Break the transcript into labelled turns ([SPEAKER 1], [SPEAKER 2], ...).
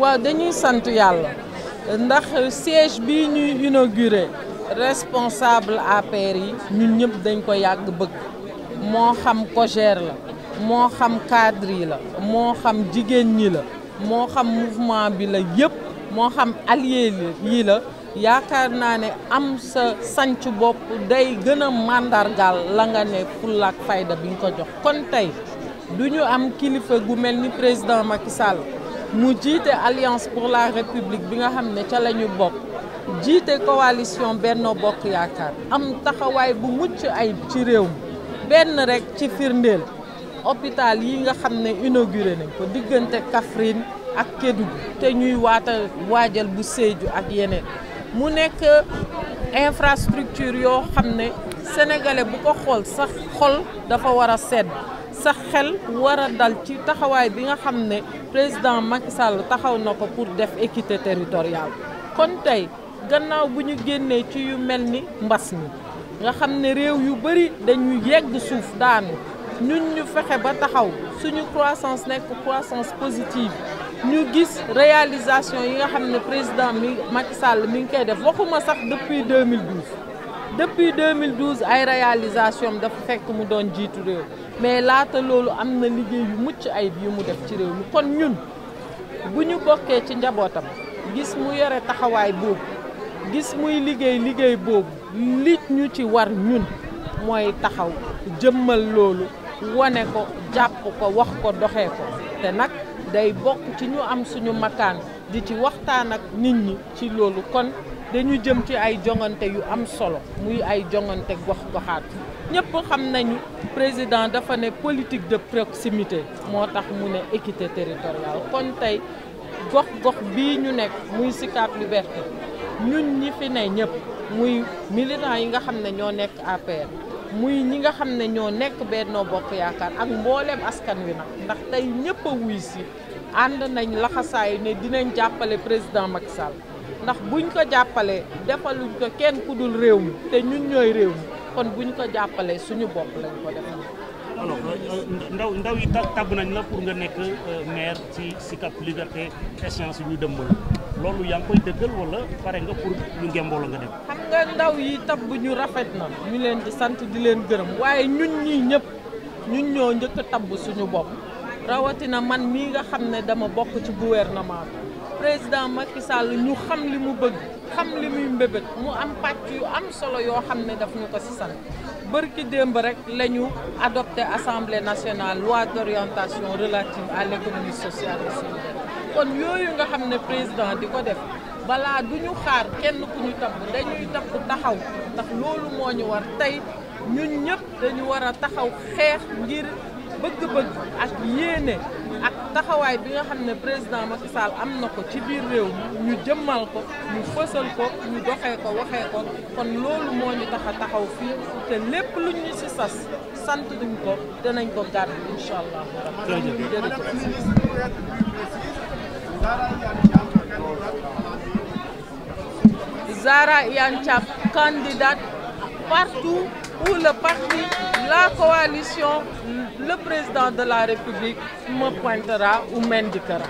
[SPEAKER 1] waa dañuy sant yàlla ndax siège bi ñuy inauguré responsable APR yi ñun ñëpp dañ ko yàgg bëgg moo xam cogère la moo xam cadre yi la moo xam jigéen ñi la moo xam mouvement bi la yëpp moo xam allié yi la yaakaar naa ne am sa sanc bopp day gën a màndargaal la nga ne fulla ak bi nga ko jox kon tey du am kilifa gu mel ni président Macky Sall mu jiite alliance pour la bi nga xam ne ca la ñu bokk jiite coalition Benno Bokk Yaakaar am taxawaay bu mucc ay ci réew mi benn rekk ci firndeel hôpital yi nga xam ne inauguré nañ ko diggante Kaffrine ak Kédougou te ñuy waatal waajal bu Sédhiou ak yeneen mu nekk infrastructure yoo xam ne sénégalais bu ko xool sax xol dafa war a sedd sa xel war a dal ci taxawaay bi nga xam ne président Macky Sall taxaw na ko pour def équité territoriale kon tey gannaaw bu ñu génnee ci yu mel ni mbas mi nga xam ne réew yu bëri dañu yegg suuf daanu ñun ñu fexe ba taxaw suñu croissance nekk croissance positive ñu gis réalisation yi nga xam ne président mi Macky mi ngi koy def waxuma sax depuis 2012 depuis 2012 ay réalisation am dafa fekk mu doon jiitu réew mais laata loolu am na liggéey yu mucc ayib yu mu def ci réew mi kon ñun bu ñu bokkee ci njabootam gis mu yore taxawaay boobu gis muy liggéey liggéey boobu li ñu ci war ñun mooy taxaw jëmmal loolu wane ko jàpp ko wax ko doxee ko te nag day bokk ci ñu am suñu makaan di ci waxtaan ak nit ñi ci loolu kon dañu jëm ci ay jongante yu am solo muy ay jongante gox-goxaat ñëpp xam nañu président dafa ne politique de proximité moo tax mu ne équité territoriale kon tey gox-gox bii ñu nekk muy Sicap Liberté ñun ñi fi ne ñëpp muy militants yi nga xam ne ñoo nekk APR muy ñi nga xam ne ñoo nekk Benno Bokk Yaakaar ak mbooleem askan wi nag ndax tey ñëpp a wuy si ànd nañ laxasaay ne dinañ jàppale président Macky Sall ndax buñ ko jàppalee defaluñ ko kenn ku dul réew mi te ñun ñooy réew mi kon buñ ko jàppalee suñu bopp lañ ko def alors euh, euh, ndaw ndaw yi tab nañ la pour nga nekk euh, maire ci Sicap Liberté échéance yu ñu dëmbal loolu yaa ngi koy dëggal wala pare nga pour ñu ngemboo la nga dem. xam nga ndaw yi tab ñu rafet na. ñu leen di sant di leen gërëm waaye ñun ñii ñëpp ñun ñoo njëkk a tabb suñu bopp rawatina man mii nga xam ne dama bokk ci gouvernement bi président Macky Sall ñu xam li mu bëgg xam li muy mbébét mu am pàcc yu am solo yoo xam ne daf ñu ko si sant bërki démb rek la ñu adopté assemblée nationale loi d' orientation relative à l' économie kon yooyu nga xam ne président di ko def balaa du ñu xaar kenn ku ñu tabb dañuy tabb taxaw ndax loolu moo ñu war tey ñun ñëpp dañu war a taxaw xeex ngir bëgg-bëgg ak yéene ak taxawaay bi nga xam ne président Macky am na ko ci biir réew mi ñu jëmmal ko ñu fësal ko ñu doxee ko waxee ko kon loolu moo ñu tax taxaw fii te lépp lu ñu ci sas sant duñ ko danañ ko gàdd incha allah. Zahra Iyane Thiam partout. où le parti, la coalition, le président de la République me pointera ou m'indiquera.